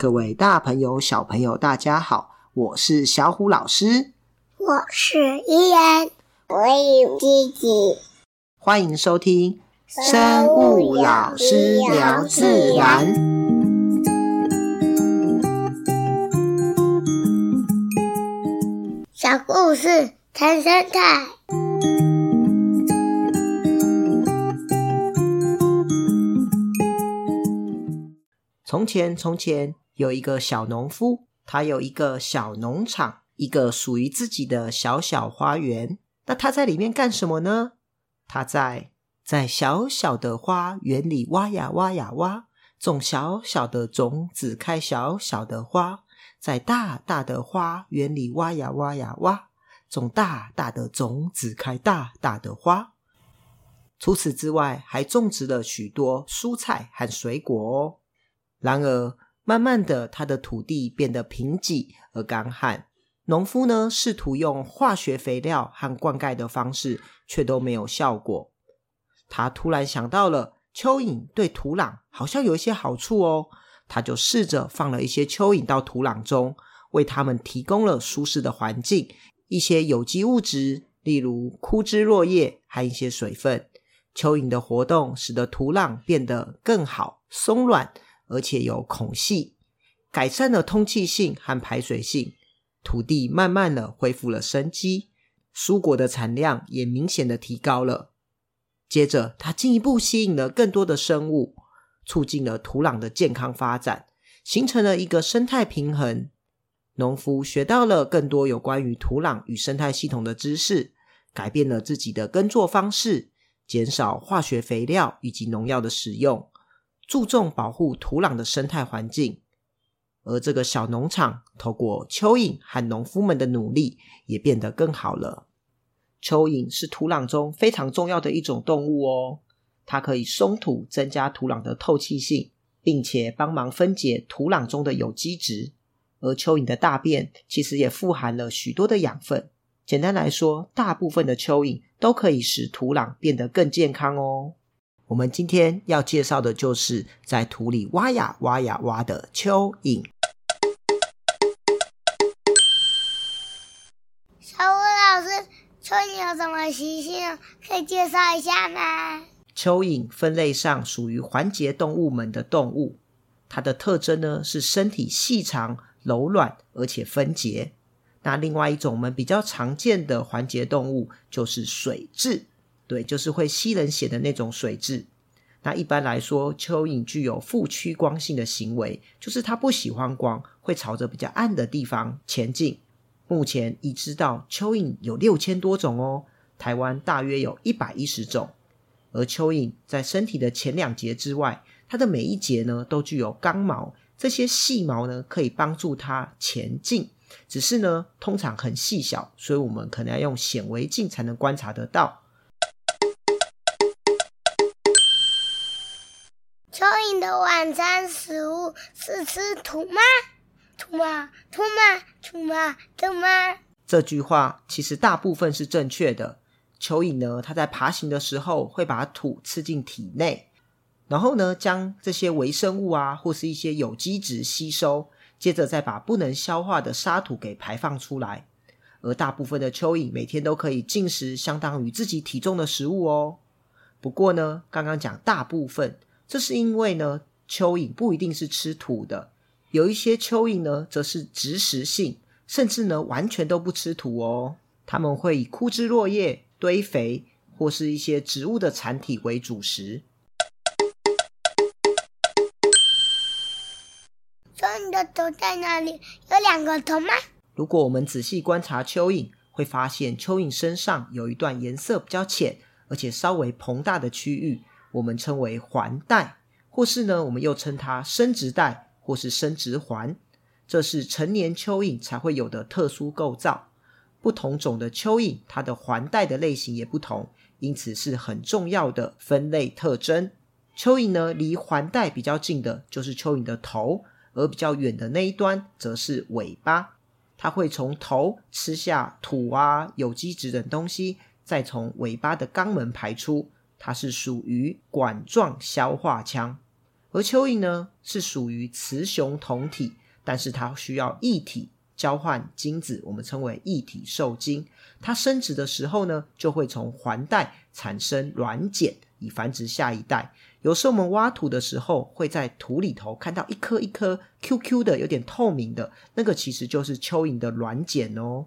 各位大朋友、小朋友，大家好，我是小虎老師，我是依然，我也有吉吉，歡迎收聽生物老師聊自然。小故事談生態。從前，從前。有一個小農夫，他有一個小農場，一個屬於自己的小小花園。那他在裡面幹什麼呢？他在在小小的花園裡挖呀挖呀挖呀挖，種小小的種子，開小小的花。在大大的花園裡挖呀挖呀挖呀挖，種大大的種子，開大大的花。除此之外，還種植了許多蔬菜和水果哦。然而，慢慢的，他的土地變得貧瘠而乾旱。農夫呢，試圖用化學肥料和灌溉的方式，卻都沒有效果。他突然想到了，蚯蚓對土壤好像有一些好處哦。他就試着放了一些蚯蚓到土壤中，為他們提供了舒適的環境，一些有機物質，例如枯枝落葉和一些水分。蚯蚓的活動使得土壤變得更好、鬆軟。而且有孔隙，改善了通氣性和排水性，土地慢慢的恢復了生機，蔬果的產量也明顯的提高了。接着，它進一步吸引了更多的生物，促進了土壤的健康發展，形成了一個生態平衡。農夫學到了更多有關於土壤與生態系統的知識，改變了自己的耕作方式，減少化學肥料以及農藥的使用。注重保護土壤的生態環境，而這個小農場透過蚯蚓和農夫們的努力，也變得更好了。蚯蚓是土壤中非常重要的一種動物哦，它可以鬆土，增加土壤的透氣性，並且幫忙分解土壤中的有機質。而蚯蚓的大便其實也富含了許多的養分。簡單來說，大部分的蚯蚓都可以使土壤變得更健康哦。我們今天要介紹的就是在土裡挖呀挖呀挖的蚯蚓。小虎老師，蚯蚓有什麼習性？可以介紹一下嗎？蚯蚓分類上屬於環節動物門的動物，它的特徵呢是身體細長、柔軟而且分節。那另外一種我們比較常見的環節動物就是水蛭。對，就是會吸人血的那種水蛭。那一般來說，蚯蚓具有負趨光性的行為，就是它不喜歡光，會朝着比較暗的地方前進。目前已知道蚯蚓有六千多種哦，台灣大約有一百一十種。而蚯蚓在身體的前兩節之外，它的每一節呢都具有剛毛，這些細毛呢可以幫助它前進。只是呢，通常很細小，所以我們可能要用顯微鏡才能觀察得到。晚餐食物是吃土嗎？土嗎？土嗎？土嗎？土嗎？土嗎？土嗎？土嗎？這句話其實大部分是正確的。蚯蚓呢，它在爬行的時候會把土吃進體內，然後呢，將這些微生物啊，或是一些有機質吸收，接着再把不能消化的沙土給排放出來。而大部分的蚯蚓每天都可以進食相當於自己體重的食物哦。不過呢，剛剛講大部分。這是因為呢，蚯蚓不一定是吃土的，有一些蚯蚓呢則是植食性，甚至呢完全都不吃土哦，它們會以枯枝落葉堆肥或是一些植物的殘體為主食。蚯蚓的頭在哪裡？有兩個頭嗎？如果我們仔細觀察蚯蚓，會發現蚯蚓身上有一段顏色比較淺，而且稍微膨大的區域。我們稱為環帶，或是呢，我們又稱它生殖帶，或是生殖環，這是成年蚯蚓才會有的特殊構造。不同種的蚯蚓，它的環帶的類型也不同，因此是很重要的分類特徵。蚯蚓呢，離環帶比較近的就是蚯蚓的頭，而比較遠的那一端則是尾巴。它會從頭吃下土啊、有機質等東西，再從尾巴的肛門排出。它是屬於管狀消化腔，而蚯蚓呢是屬於雌雄同體，但是它需要異體交換精子，我們稱為異體受精。它生殖的時候呢，就會從環帶產生卵繭，以繁殖下一代。有時候我們挖土的時候，會在土裡頭看到一顆一顆 QQ 的、有點透明的那個，其實就是蚯蚓的卵繭哦。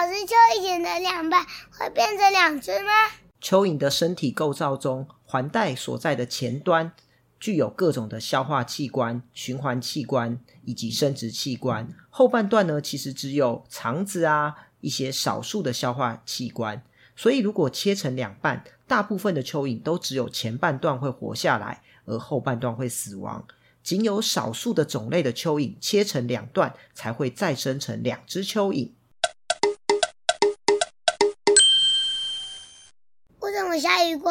老師，蚯蚓的兩半會變成兩隻嗎？蚯蚓的身體構造中，環帶所在的前端具有各種的消化器官、循環器官以及生殖器官。後半段呢，其實只有腸子啊，一些少數的消化器官。所以，如果切成兩半，大部分的蚯蚓都只有前半段會活下來，而後半段會死亡。僅有少數的種類的蚯蚓切成兩段，才會再生成兩隻蚯蚓。為什麼下雨過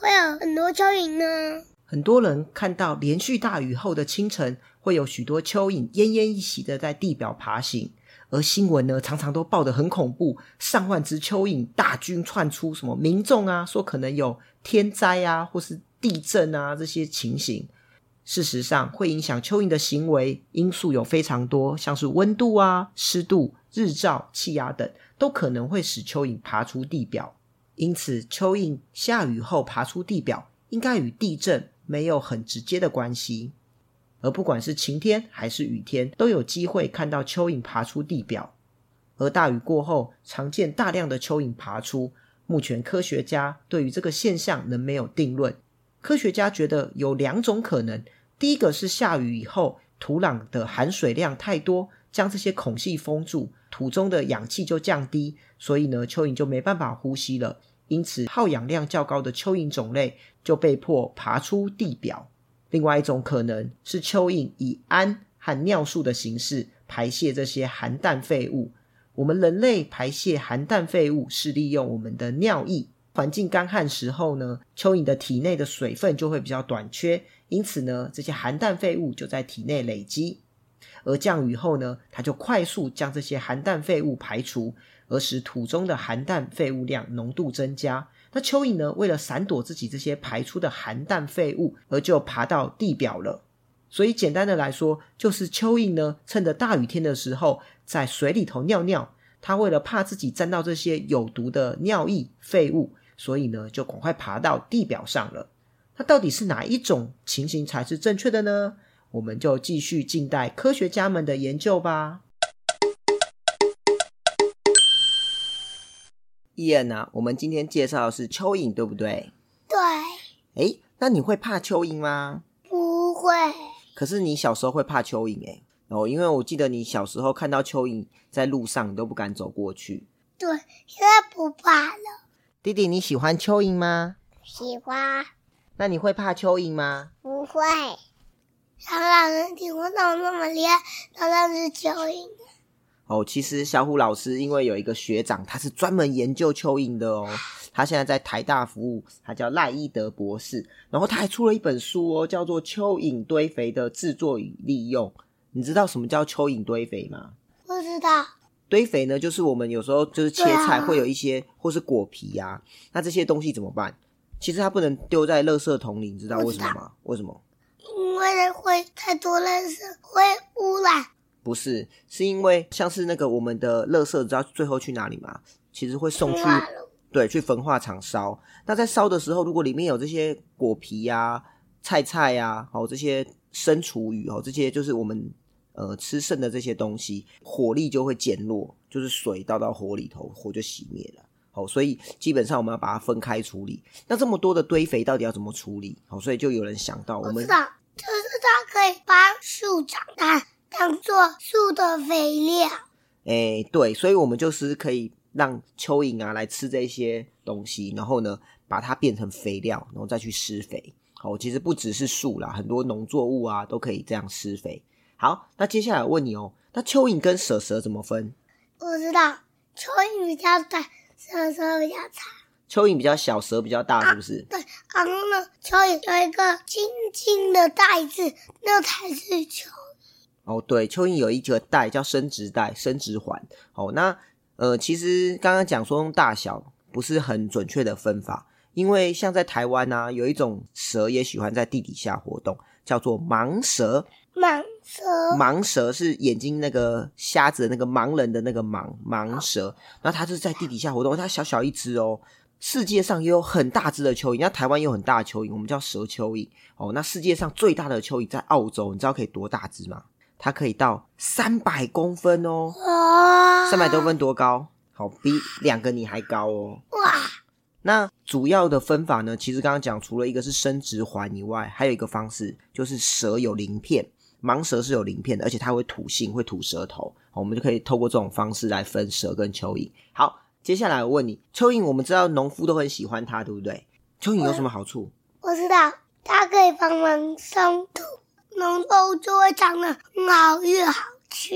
會有很多蚯蚓呢？很多人看到連續大雨後的清晨，會有許多蚯蚓奄奄一息地在地表爬行，而新聞呢常常都報得很恐怖，上萬隻蚯蚓大軍竄出，什麼民眾啊說可能有天災啊，或是地震啊這些情形。事實上，會影響蚯蚓的行為因素有非常多，像是溫度啊、濕度、日照、氣壓等，都可能會使蚯蚓爬出地表。因此，蚯蚓下雨後爬出地表，應該與地震沒有很直接的關係。而不管是晴天還是雨天，都有機會看到蚯蚓爬出地表。而大雨過後，常見大量的蚯蚓爬出。目前科學家對於這個現象仍沒有定論。科學家覺得有兩種可能：第一個是下雨以後，土壤的含水量太多，將這些孔隙封住，土中的氧氣就降低，所以呢，蚯蚓就沒辦法呼吸了。因此，耗氧量較高的蚯蚓種類就被迫爬出地表。另外一種可能是，蚯蚓以氨和尿素的形式排泄這些含氮廢物。我們人類排泄含氮廢物是利用我們的尿液。環境乾旱時候呢，蚯蚓的體內的水分就會比較短缺，因此呢，這些含氮廢物就在體內累積。而降雨後呢，它就快速將這些含氮廢物排除，而使土中的含氮廢物量濃度增加。那蚯蚓呢，為了閃躲自己這些排出的含氮廢物，而就爬到地表了。所以簡單的來說，就是蚯蚓呢，趁着大雨天的時候，在水裡頭尿尿，它為了怕自己沾到這些有毒的尿液廢物。所以呢，就趕快爬到地表上了。那到底是哪一種情形才是正確的呢？我們就繼續靜待科學家們的研究吧。伊恩啊，我們今天介紹的是蚯蚓，對不對？對。哎，那你會怕蚯蚓嗎？不會。可是你小時候會怕蚯蚓哎、欸，哦，因為我記得你小時候看到蚯蚓在路上，你都不敢走過去。對，現在不怕了。弟弟，你喜歡蚯蚓嗎？喜歡。那你會怕蚯蚓嗎？不會。小老師，你怎麼那麼厲害，他認識蚯蚓？哦，其實小虎老師因為有一個學長，他是專門研究蚯蚓的哦。他現在在台大服務，他叫賴伊德博士。然後他還出了一本書哦，叫做《蚯蚓堆肥的制作與利用》。你知道什麼叫蚯蚓堆肥嗎？不知道。堆肥呢，就是我們有時候就是切菜會有一些，啊、或是果皮呀、啊，那這些東西怎麼辦？其實它不能丟在垃圾桶裡，你知道為什麼嗎？為什麼？因為會太多垃圾，會污染。不是，是因為像是那個我們的垃圾，知道最後去哪裡嗎？其實會送去，對，去焚化廠燒。那在燒的時候，如果裡面有這些果皮呀、啊、菜菜呀、啊，還、哦、有這些生廚餘哦，這些就是我們。呃，吃剩的這些東西，火力就會減弱，就是水倒到火裡頭，火就熄滅了。好，所以基本上我們要把它分開處理。那這麼多的堆肥到底要怎麼處理？好，所以就有人想到我們，我知道就是它可以把樹長大當做樹的肥料。哎，對，所以我們就是可以讓蚯蚓啊來吃這些東西，然後呢，把它變成肥料，然後再去施肥。哦，其實不只是樹啦，很多農作物啊都可以這樣施肥。好，那接下來問你哦，那蚯蚓跟蛇蛇怎麼分？我知道，蚯蚓比較短，蛇蛇比較長。蚯蚓比較小，蛇比較大，是不是？啊、對。然後呢，蚯蚓有一個輕輕的帶子，那才是蚯蚓。哦，對，蚯蚓有一個帶叫生殖帶、生殖環。哦，那呃，其實剛剛講說用大小不是很準確的分法，因為像在台灣啊，有一種蛇也喜歡在地底下活動，叫做盲蛇。盲蛇，盲蛇是眼睛那個瞎子的那個盲人的那個盲，盲蛇，那它是在地底下活動。它小小一隻哦，世界上也有很大隻的蚯蚓，那台灣也有很大的蚯蚓，我們叫蛇蚯蚓哦。那世界上最大的蚯蚓在澳洲，你知道可以多大隻嗎？它可以到三百公分哦，三百哇多分多高，好，比兩個你還高哦。哇！那主要的分法呢？其實剛剛講，除了一個是生殖環以外，還有一個方式就是蛇有鱗片。蟒蛇是有鱗片的，而且它會吐信，會吐舌頭。我們就可以透過這種方式來分蛇跟蚯蚓。好，接下來我問你，蚯蚓我們知道農夫都很喜歡它，對不對？蚯蚓有什麼好處？我，我知道，它可以幫忙鬆土，農作物就會長得很好，越好越好吃。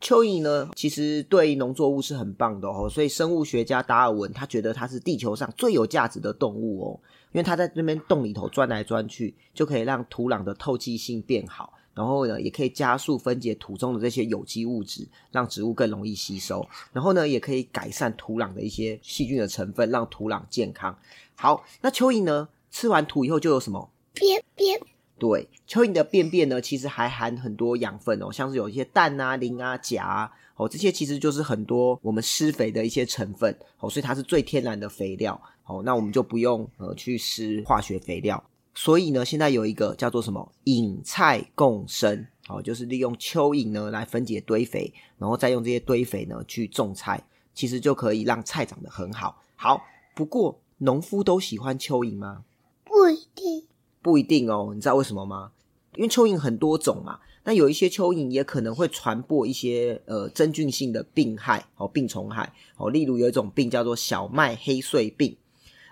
蚯蚓呢，其實對於農作物是很棒的哦。所以生物學家達爾文他覺得它是地球上最有價值的動物哦，因為它在那邊洞裡頭鑽來鑽去，就可以讓土壤的透氣性變好。然後呢，也可以加速分解土中的這些有機物質，讓植物更容易吸收。然後呢，也可以改善土壤的一些細菌的成分，讓土壤健康。好，那蚯蚓呢，吃完土以後就有什麼？便便。對，蚯蚓的便便呢，其實還含很多養分哦，像是有一些氮啊、磷啊、鉀啊，哦，這些其實就是很多我們施肥的一些成分哦，所以它是最天然的肥料哦。那我們就不用呃去施化學肥料。所以呢，現在有一個叫做什麼“蚓菜共生”哦，就是利用蚯蚓呢來分解堆肥，然後再用這些堆肥呢去種菜，其實就可以讓菜長得很好。好，不過農夫都喜歡蚯蚓嗎？不一定，不一定哦。你知道為什麼嗎？因為蚯蚓很多種嘛，那有一些蚯蚓也可能會傳播一些呃真菌性的病害哦，病蟲害哦，例如有一種病叫做小麥黑穗病。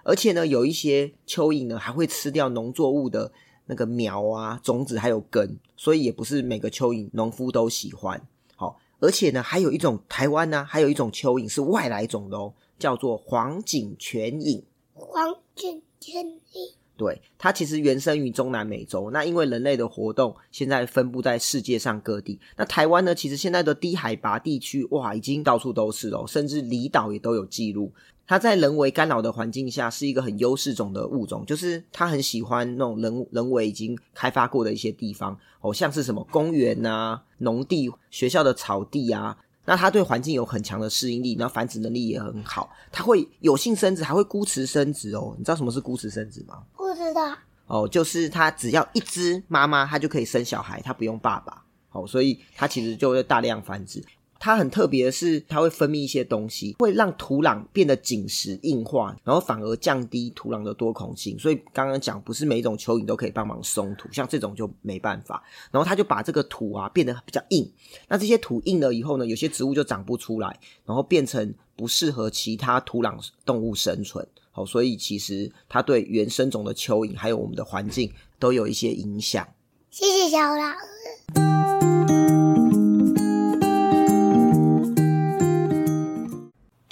而且呢，有一些蚯蚓呢，還會吃掉農作物的那個苗啊、種子還有根，所以也不是每個蚯蚓農夫都喜歡。好，而且呢，還有一種台灣呢，啊，還有一種蚯蚓是外來種的，哦，叫做黃景泉蚓。黃頸泉蚓。對，它其實原生於中南美洲，那因為人類的活動，現在分布在世界上各地。那台灣呢，其實現在的低海拔地區，哇，已經到處都是哦，甚至離島也都有記錄。它在人為干擾的環境下，是一個很優勢種的物種，就是它很喜歡那種人，人為已經開發過的一些地方，好，哦，像是什麼公園啊、農地、學校的草地啊。那它對環境有很強的適應力，然後繁殖能力也很好。它會有性生殖，還會孤雌生殖哦。你知道什麼是孤雌生殖嗎？不知道。哦，就是它只要一隻媽媽，它就可以生小孩，它不用爸爸。好，哦，所以它其實就會大量繁殖。它很特別的是，它會分泌一些東西，會讓土壤變得緊實硬化，然後反而降低土壤的多孔性。所以剛剛講不是每一種蚯蚓都可以幫忙鬆土，像這種就沒辦法。然後它就把這個土啊變得比較硬。那這些土硬了以後呢，有些植物就長不出來，然後變成不適合其他土壤動物生存。好，所以其實它對原生種的蚯蚓還有我們的環境都有一些影響。謝謝小虎老師。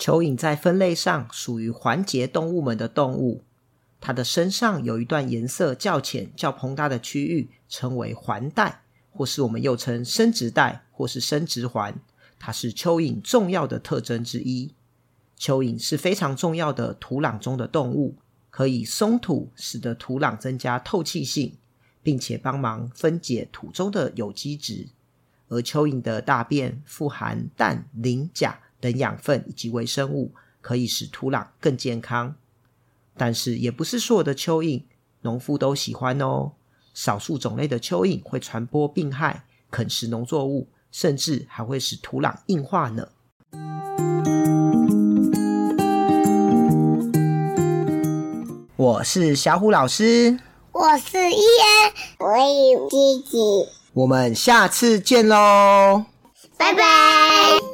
蚯蚓在分類上屬於環節動物門的動物，它的身上有一段顏色較淺、較膨大的區域，稱為環帶，或是我們又稱生殖帶，或是生殖環，它是蚯蚓重要的特徵之一。蚯蚓是非常重要的土壤中的動物，可以鬆土，使得土壤增加透氣性，並且幫忙分解土中的有機質，而蚯蚓的大便富含氮、磷、鉀。等養分以及微生物，可以使土壤更健康。但是，也不是所有的蚯蚓農夫都喜歡哦。少數種類的蚯蚓會傳播病害、啃食農作物，甚至還會使土壤硬化呢。我是小虎老師，我是伊恩，我是吉吉。基基我們下次見嘍，拜拜。